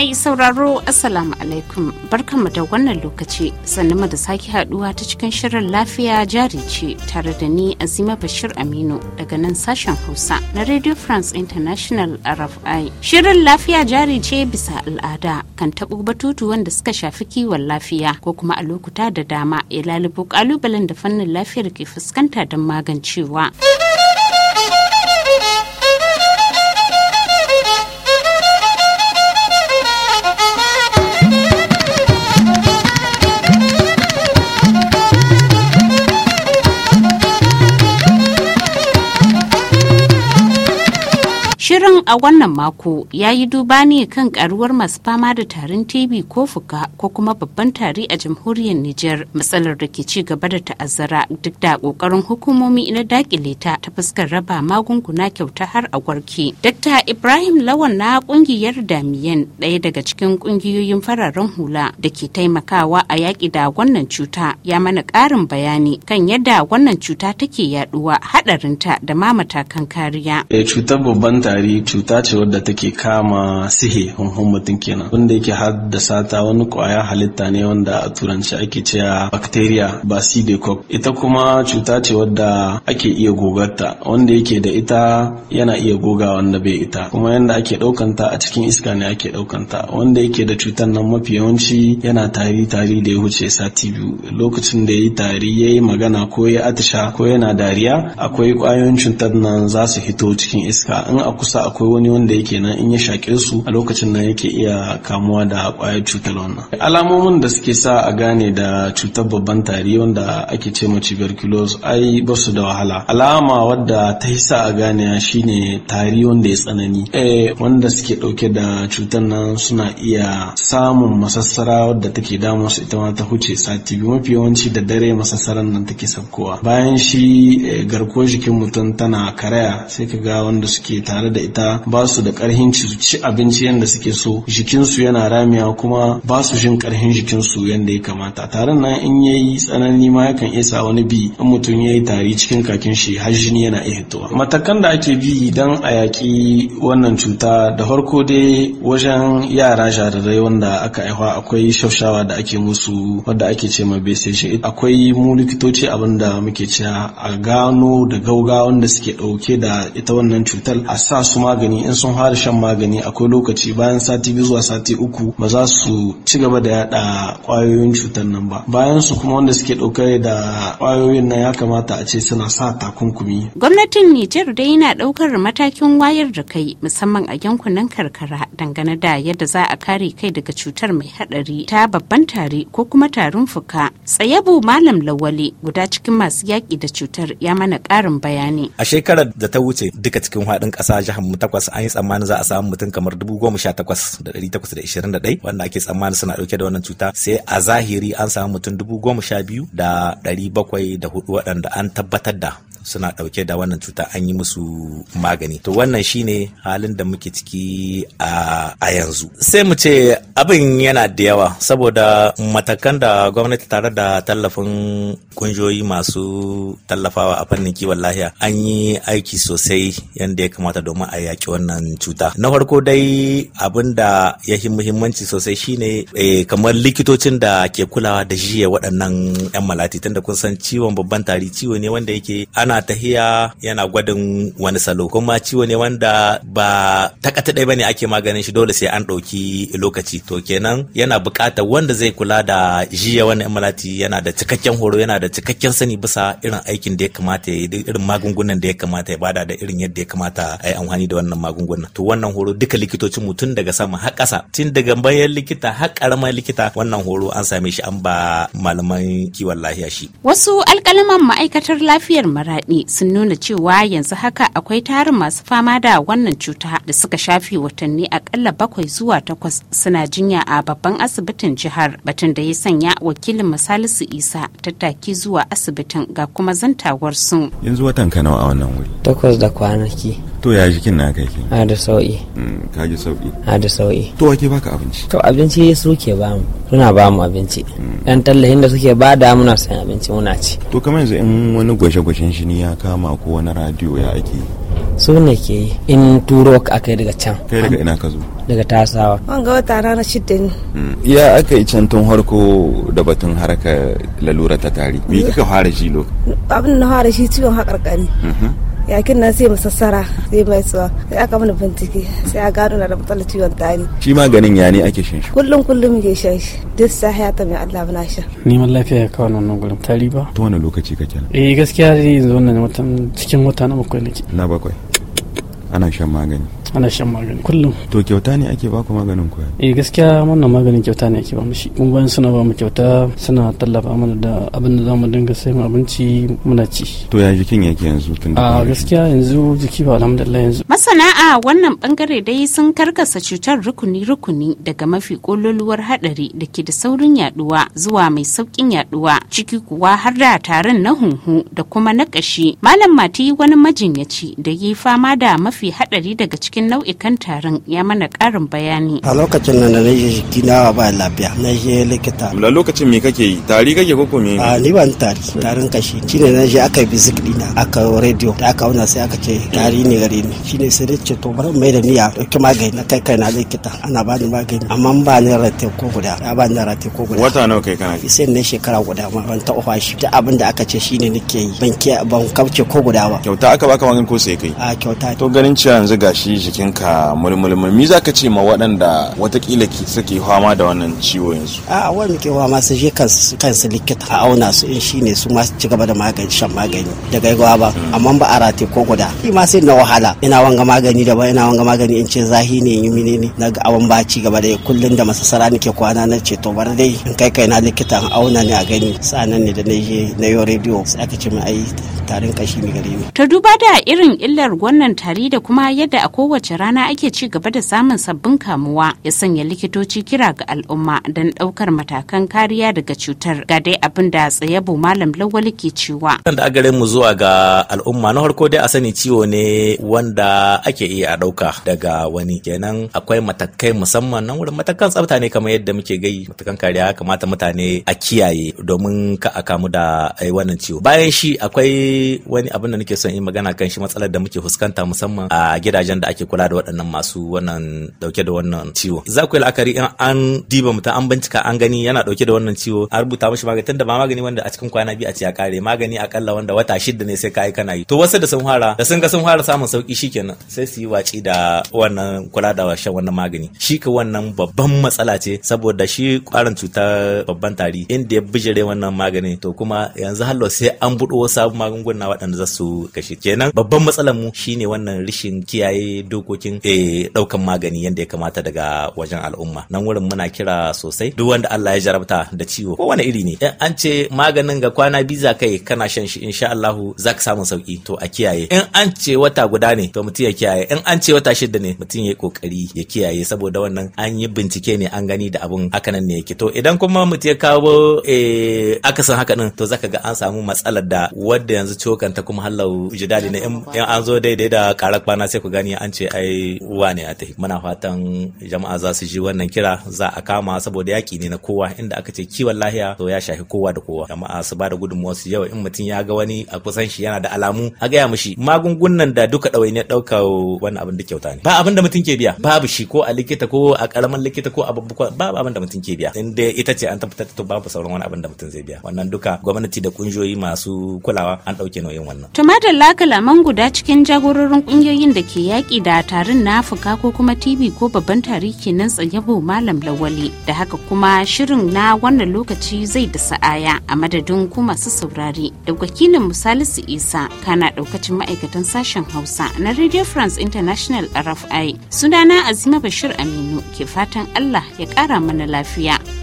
Mai sauraro Assalamu alaikum barkanmu da wannan lokaci sannu da sake haduwa ta cikin shirin lafiya jari ce tare da ni Azima Bashir Aminu daga nan sashen Hausa na Radio France International RFI. Shirin lafiya jari ce bisa al'ada kan taɓo batutu wanda suka shafi kiwon lafiya ko kuma a lokuta da dama ya lalubo kalubalen da fannin lafiyar ke fuskanta don magancewa. a wannan mako ya yi duba ne kan karuwar masu fama da tarin TB ko fuka ko kuma babban tari a jamhuriyar Nijar matsalar da ke ci gaba da ta'azzara duk da kokarin hukumomi na dakile ta ta fuskar raba magunguna kyauta har a warke. Dr. Ibrahim Lawan na kungiyar Damiyan ɗaya daga cikin kungiyoyin fararen hula da ke taimakawa a yaƙi da wannan cuta ya mana ƙarin bayani kan yadda wannan cuta take yaduwa haɗarinta da ma matakan kariya. Eh, cutar babban tari cuta ce wadda take kama sihe hunhun mutum kenan wanda yake haddasa ta wani kwaya halitta ne wanda a turanci ake cewa bacteria basidicoc ita kuma cuta ce wadda ake iya gogarta wanda yake da ita yana iya goga wanda bai ita kuma yanda ake ɗaukanta a cikin iska ne ake ɗaukanta wanda yake da cutar nan mafi yawanci yana tari tari da ya wuce sati biyu lokacin da ya yi tari ya yi magana ko ya atisha ko yana dariya akwai kwayoyin cutar nan za su hito cikin iska in a kusa a akwai wani wanda yake nan in ya shaƙe su a lokacin nan yake iya kamuwa da ƙwayar cutar wannan alamomin da suke sa a gane da cutar babban tari wanda ake ce ma tuberculosis ai ba su da wahala alama wadda ta yi sa a gane shine tari wanda ya tsanani eh wanda suke ɗauke da cutar nan suna iya samun masassara wadda take damun su ita ma ta huce sati biyu mafi yawanci da dare masassaran nan take sabkowa bayan shi eh, garkuwar jikin mutum tana karaya sai ka ga wanda suke tare da ita ba su da karhin ci abinci yadda suke so jikinsu yana ramiya kuma ba su jin ƙarhin jikinsu yadda ya kamata tarin nan in ya yi tsanani ma yakan iya sa wani bi in mutum yi tari cikin kakin shi har jini yana iya hitowa matakan da ake bi dan a yaƙi wannan cuta da farko dai wajen yara jarirai wanda aka haihuwa akwai shafshawa da ake musu wanda ake ce ma besation akwai mu likitoci abin da muke cewa a gano da gauga wanda suke ɗauke da ita wannan cutar a sa su ma magani in sun fara shan magani akwai lokaci bayan sati biyu zuwa sati uku ba za su ci gaba da yada kwayoyin cutar nan ba bayan su kuma wanda suke daukar da kwayoyin nan ya kamata a ce suna sa takunkumi gwamnatin Nijar dai yana ɗaukar matakin wayar da kai musamman a yankunan karkara dangane da yadda za a kare kai daga cutar mai haɗari ta babban tare ko kuma tarin fuka tsayabu malam lawale guda cikin masu yaƙi da cutar ya mana ƙarin bayani a shekarar da ta wuce duka cikin hadin ƙasa jihar mu ta takwas an yi tsammanin za a samu mutum kamar dubu goma sha takwas da ɗari takwas da ishirin da ɗai wanda ake tsammanin suna ɗauke da wannan cuta sai a zahiri an samu mutum dubu goma sha biyu da ɗari bakwai da hudu waɗanda an tabbatar da suna ɗauke da wannan cuta an yi musu magani to wannan shine halin da muke ciki a yanzu sai mu ce abin yana da yawa saboda matakan da gwamnati tare da tallafin kungiyoyi masu tallafawa a fannin kiwon lahiya an yi aiki sosai yadda ya kamata domin a yaƙi wannan cuta na farko dai abin da ya fi muhimmanci sosai shine eh, kamar likitocin da ke kulawa da jiya waɗannan 'yan malati tunda kun san ciwon babban tari ciwo ne wanda yake ana yana tahiya yana gwadin wani salo kuma ciwo ne wanda ba takata ɗaya bane ake maganin shi dole sai an ɗauki lokaci to kenan yana buƙatar wanda zai kula da jiya wani malati yana da cikakken horo yana da cikakken sani bisa irin aikin da ya kamata ya irin magungunan da ya kamata ya bada da irin yadda ya kamata a yi amfani da wannan magungunan to wannan horo duka likitocin mu tun daga sama har ƙasa tun daga bayan likita har ƙaramin likita wannan horo an same shi an ba malaman kiwon lafiya shi wasu alƙalaman ma'aikatar lafiyar mara kudade sun nuna cewa yanzu haka akwai tarin masu fama da wannan cuta da suka shafi watanni akalla bakwai zuwa takwas suna jinya a babban asibitin jihar batun da ya sanya wakilin misalisu isa tattaki zuwa asibitin ga kuma zantawar sun. yanzu watan ka nawa a wannan wuri takwas da kwanaki to ya jikin na kai ke a da sau'i mm, ka ji sauki a da sau'i to wake baka abinci to abinci suke ba mu suna ba mu abinci mm. dan tallahin da suke ba da muna sayan abinci muna ci to kamar yanzu in wani gwashe-gwashen shi ya kama ko wani radiyo ya ake su ne ke yi in turo ka kai daga can kai daga ina ka zo daga tasawa an ga wata rana shidda ne mm, ya aka yi can tun harko da batun haraka lalura ta tari me kika fara shi lokacin abin na fara shi ciwon haƙarƙari mm-hmm. yakin nan sai mu sassara sai mai suwa sai aka mana bincike sai a gano na da matsalar ciwon tari shi maganin ya ne ake shan shi kullum kullum ke shan shi duk ya ta mai Allah muna shan neman lafiya ya kawo nan gurin tari ba to wani lokaci ka kenan eh gaskiya yanzu wannan watan cikin wata na bakwai nake na bakwai ana shan magani ana shan magani kullum to kyauta ne ake baku maganin ku eh gaskiya wannan maganin kyauta ne ake ba mu shi mun bayan suna ba mu kyauta suna tallafa mana da abin da zamu dinga sai mu abinci muna ci to ya jikin yake yanzu tun da ah, a gaskiya yanzu jiki ba alhamdulillah yanzu masana a wannan bangare dai sun karkasa cutar rukuni rukuni daga mafi kololuwar hadari da ke da saurin yaduwa zuwa mai saukin yaduwa ciki kuwa har da tarin na hunhu da kuma na kashi malam mati wani majinyaci da ya fama da mafi hadari daga cikin cikin nau'ikan tarin ya mana karin bayani. A lokacin nan da na shi jiki na ba lafiya na shi likita. A lokacin me kake yi? Tari kake ko me? A ni ban tari, tarin kashi. Shine na shi aka bi zik dina, aka radio da aka auna sai aka ce tari ne gare ni. Shine sai da ce to bar mai da miya ɗauki magani na kai kai na likita ana ba ni magani amma ba ni rate ko guda ya ba ni rate ko guda. Wata nawa kai kana? Sai ne shekara guda ma ban ta ofa shi. Da abin da aka ce shine nake yi ban ke ban kauce ko guda ba. Kyauta aka baka magani ko sai kai? A kyauta. To ganin cewa yanzu gashi jikinka mulmulmul mi zaka ce ma waɗanda watakila suke fama da wannan ciwo yanzu a wani ke fama su je kansu likita a auna su in eh, shine su ma ci gaba da magani shan magani da gaigawa ba hmm. amma ba a rate ko guda shi ma sai na wahala ina wanga magani daban ina wanga magani in ce zahi ne yi mini ne na ga awon ba ci gaba da kullun da masasara nake kwana na ce to bar dai in kai kai na likita a auna ne a gani sanan ne da na je na yi rediyo sai aka ce mai ai tarin kashi ne gare ni ta duba da irin illar wannan tari da kuma yadda a kowace kowace rana ake ci gaba da samun sabbin kamuwa ya sanya likitoci kira ga al'umma don daukar matakan kariya daga cutar ga dai abin da bu malam lawali ke cewa. Kan da agare mu zuwa ga al'umma na farko dai a sani ciwo ne wanda ake iya a dauka daga wani kenan akwai matakai musamman nan wurin matakan tsafta ne kamar yadda muke gai matakan kariya kamata mutane a kiyaye domin ka a kamu da eh, wannan ciwo. Bayan shi akwai wani abin da nake son yi magana kan shi matsalar da muke fuskanta musamman a gidajen da ake kula da waɗannan masu wannan dauke da wannan ciwo za ku yi la'akari in an diba mutum an bincika an gani yana dauke da wannan ciwo an rubuta mashi magani tunda ba magani wanda a cikin kwana biyu a ce ya kare magani akalla wanda wata shida ne sai yi kana yi to wasu da sun fara da sun ga sun fara samun sauki shikenan sai su yi waci da wannan kula da shan wannan magani shi ka wannan babban matsala ce saboda shi ƙwarin cutar babban tari inda ya bijire wannan magani to kuma yanzu hallo sai an buɗo wasu magunguna waɗanda za su kashe kenan babban matsalar mu shine wannan rishin kiyaye do dokokin daukan eh, magani yadda ya kamata daga wajen al'umma nan wurin muna kira sosai duk wanda Allah ya jarabta da ciwo ko wani iri ne in an ce maganin ga kwana za kai kana shan shi insha Allah za ka samu sauki to a kiyaye in an ce wata guda ne to mutum ya kiyaye in an ce wata shida ne mutum ya kokari ya kiyaye saboda wannan an yi bincike ne an gani da abun nan ne yake to idan kuma mutum ya kawo eh, akasin haka din to zaka ga an samu matsalar da wadda yanzu cokanta kuma hallau jidali ne in an zo daidai da karar kwana sai ku gani an ce ai uwa a tafi muna fatan jama'a za su ji wannan kira za a kama saboda yaki ne na kowa inda aka ce kiwon lahiya to ya shafi kowa da kowa jama'a su ba da gudunmuwa su yawa in mutum ya ga wani a kusan shi yana da alamu a gaya mishi magungunan da duka ɗawai ne ɗauka wannan abin da kyauta ne ba abin da mutum ke biya babu shi ko a likita ko a ƙaramin likita ko a babu babu abin da mutum ke biya in dai ita ce an tabbatar to babu sauran wani abin da mutum zai biya wannan duka gwamnati da kungiyoyi masu kulawa an ɗauke nauyin wannan. Tumatir man guda cikin jagororin kungiyoyin da ke yaƙi da a tarin na fuka ko kuma TV ko babban tari kenan tsayabo Malam Lawali da haka kuma shirin na wannan lokaci zai da sa'aya a madadin ku masu saurari da wakilin misalisu Isa kana daukacin ma'aikatan sashen Hausa na Radio France International RFI sunana Azima Bashir Aminu ke fatan Allah ya kara mana lafiya.